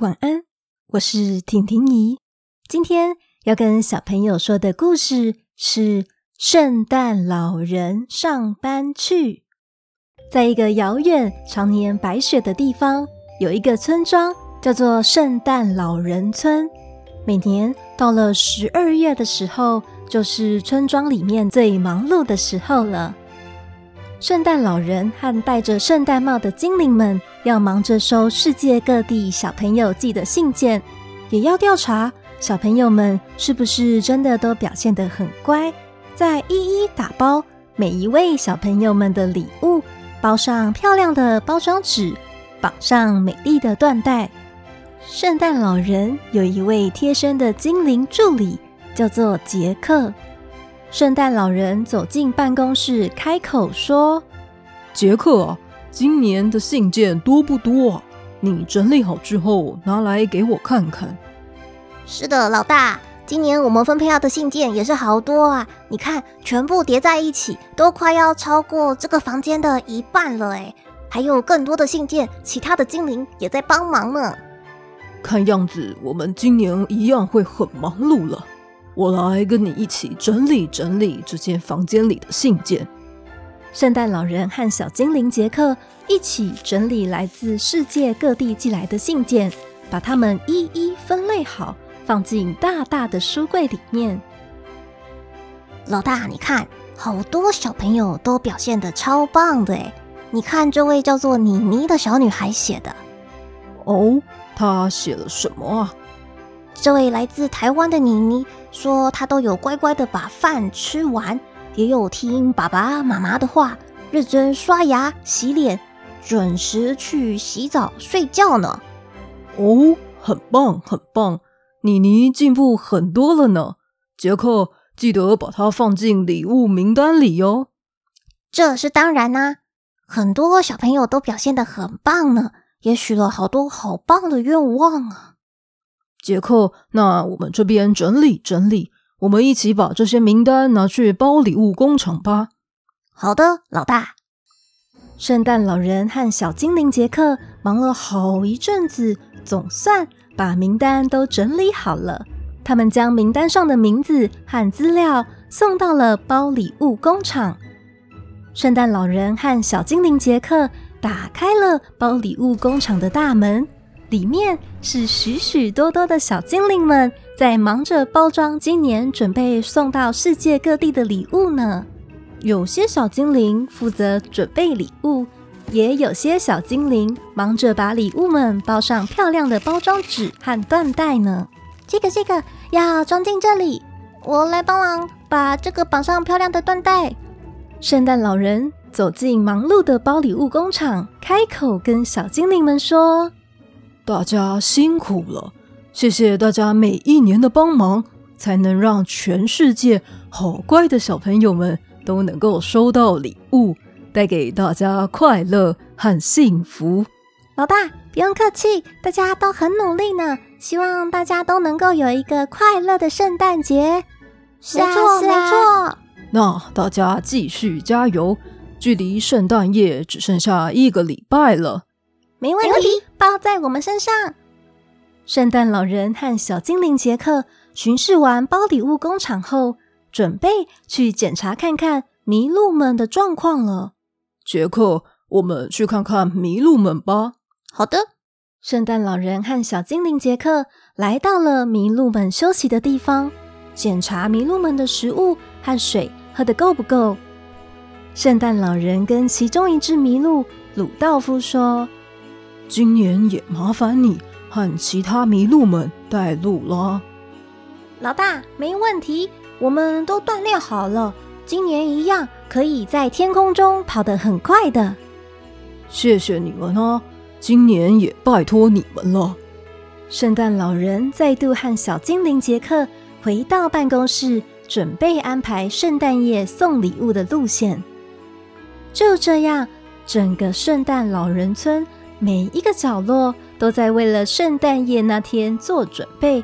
晚安，我是婷婷姨。今天要跟小朋友說的故事是《聖誕老人上班去》。在一個遙遠、常年白雪的地方，有一個村莊，叫做聖誕老人村。每年到了十二月的時候，就是村莊裡面最忙碌的時候了。聖誕老人和戴着聖誕帽的精靈們，要忙着收世界各地小朋友寄的信件，也要調查小朋友們是不是真的都表現得很乖，再一一打包每一位小朋友們的禮物，包上漂亮的包裝紙，綁上美麗的緞帶。聖誕老人有一位貼身的精靈助理，叫做傑克。聖誕老人走進辦公室，開口說：“傑克。”今年的信件多不多啊？你整理好之後拿來給我看看。是的，老大，今年我們分配到的信件也是好多啊！你看，全部疊在一起，都快要超過這個房間的一半了欸！還有更多的信件，其他的精靈也在幫忙呢。看樣子，我們今年一樣會很忙碌了。我來跟你一起整理整理這間房間裡的信件。聖誕老人和小精靈傑克一起整理來自世界各地寄來的信件，把它們一一分類好，放進大大的書櫃裡面。老大，你看，好多小朋友都表現得超棒的誒！你看這位叫做妮妮的小女孩寫的。哦，她寫了什麼啊？這位來自台灣的妮妮說，她都有乖乖的把飯吃完。也有聽爸爸媽媽的話，認真刷牙、洗臉，準時去洗澡、睡覺呢。哦，很棒，很棒，妮妮進步很多了呢。杰克，記得把它放進禮物名單裡喲。這是當然吶、啊，很多小朋友都表現得很棒呢，也許了好多好棒的願望啊。杰克，那我們這邊整理整理。我們一起把這些名單拿去包禮物工廠吧。好的，老大。聖誕老人和小精靈杰克忙了好一陣子，總算把名單都整理好了。他們將名單上的名字和資料送到了包禮物工廠。聖誕老人和小精靈杰克打開了包禮物工廠的大門，裡面是許許多多的小精靈們在忙着包裝今年準備送到世界各地的禮物呢。有些小精靈負責準備禮物，也有些小精靈忙着把禮物們包上漂亮的包裝紙和緞帶呢。這個，這個要裝進這裡。我來幫忙把這個綁上漂亮的緞帶。聖誕老人走進忙碌的包禮物工廠，開口跟小精靈們說：“大家辛苦了。”謝謝大家每一年的幫忙，才能讓全世界好乖的小朋友們都能夠收到禮物，帶給大家快樂和幸福。老大，不用客氣，大家都很努力呢。希望大家都能夠有一個快樂的聖誕節。沒錯，啊啊、沒錯。那大家繼續加油，距離聖誕夜只剩下一個禮拜了。沒問題，包在我們身上。聖誕老人和小精靈傑克巡視完包禮物工廠後，準備去檢查看看麋鹿們的狀況了。傑克，我們去看看麋鹿們吧。好的。聖誕老人和小精靈傑克來到了麋鹿們休息的地方，檢查麋鹿們的食物和水喝得夠不夠。聖誕老人跟其中一隻麋鹿魯道夫說：“今年也麻煩你。”和其他麋鹿們帶路啦，老大，沒問題，我們都鍛鍊好了，今年一樣可以在天空中跑得很快的。謝謝你們啊，今年也拜託你們了。聖誕老人再度和小精靈傑克回到辦公室，準備安排聖誕夜送禮物的路線。就這樣，整個聖誕老人村每一個角落，都在為了聖誕夜那天做準備，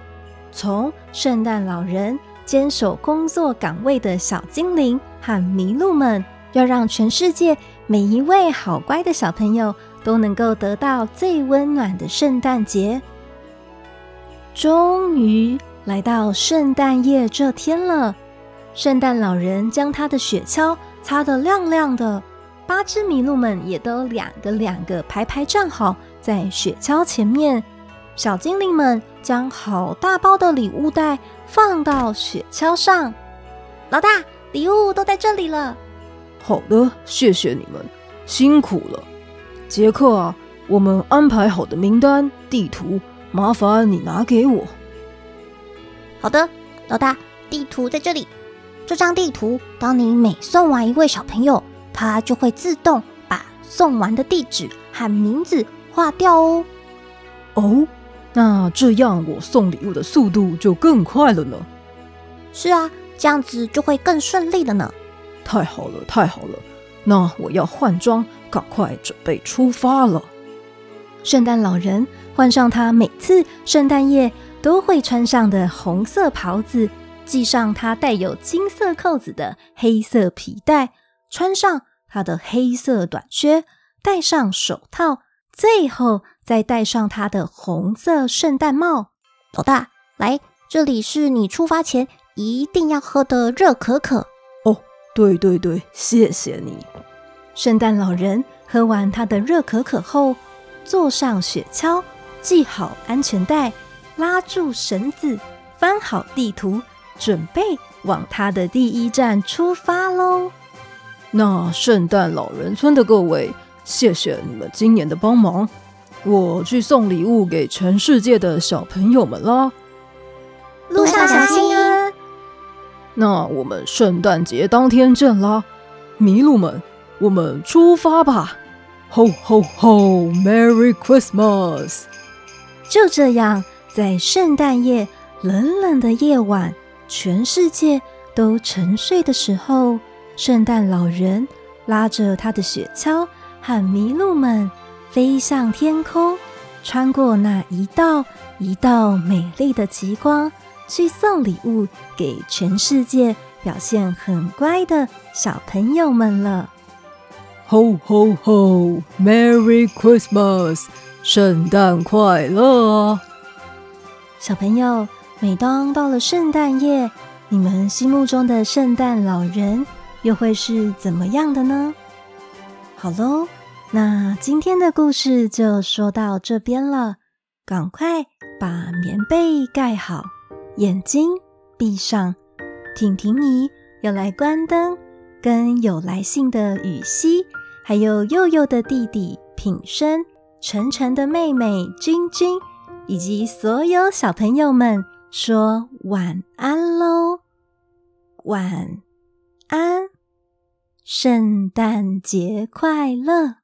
從聖誕老人堅守工作崗位的小精靈和麋鹿們，要讓全世界每一位好乖的小朋友都能夠得到最溫暖的聖誕節。終於來到聖誕夜這天了，聖誕老人將他的雪橇擦得亮亮的。八隻麋鹿們也都兩個兩個排排站好在雪橇前面，小精靈們將好大包的禮物袋放到雪橇上。「老大，禮物都在這裡了。」「好的，謝謝你們，辛苦了。傑克啊，我們安排好的名單、地圖，麻煩你拿給我。」「好的，老大，地圖在這裡。這張地圖，當你每送完一位小朋友，它就會自動把送完的地址和名字劃掉哦。哦，那這樣我送禮物的速度就更快了呢？是啊，這樣子就會更順利了呢。太好了，太好了！那我要換裝，趕快準備出發了。聖誕老人換上他每次聖誕夜都會穿上的紅色袍子，繫上他帶有金色釦子的黑色皮帶。穿上他的黑色短靴，戴上手套，最後再戴上他的紅色聖誕帽。老大，來，這裡是你出發前一定要喝的熱可可。哦，對對對，謝謝你。聖誕老人喝完他的熱可可後，坐上雪橇，繫好安全帶，拉住繩子，翻好地圖，準備往他的第一站出發嘍。那聖誕老人村的各位，謝謝你們今年的幫忙，我去送禮物給全世界的小朋友們啦。路上小心啊！那我們聖誕節當天見啦，麋鹿們，我們出發吧！吼吼吼，Merry Christmas！就這樣，在聖誕夜冷冷的夜晚，全世界都沉睡的時候。聖誕老人拉着他的雪橇和麋鹿們飛向天空，穿過那一道一道美麗的極光，去送禮物給全世界表現很乖的小朋友們了。Ho ho ho，Merry Christmas，聖誕快樂！小朋友，每當到了聖誕夜，你們心目中的聖誕老人，又會是怎麼樣的呢？好嘍，那今天的故事就說到這邊了。趕快把棉被蓋好，眼睛閉上。婷婷姨要來關燈，跟有來信的語熙，還有幼幼的弟弟品陞，晨晨的妹妹君君，以及所有小朋友們說晚安嘍。晚安。聖誕節快樂！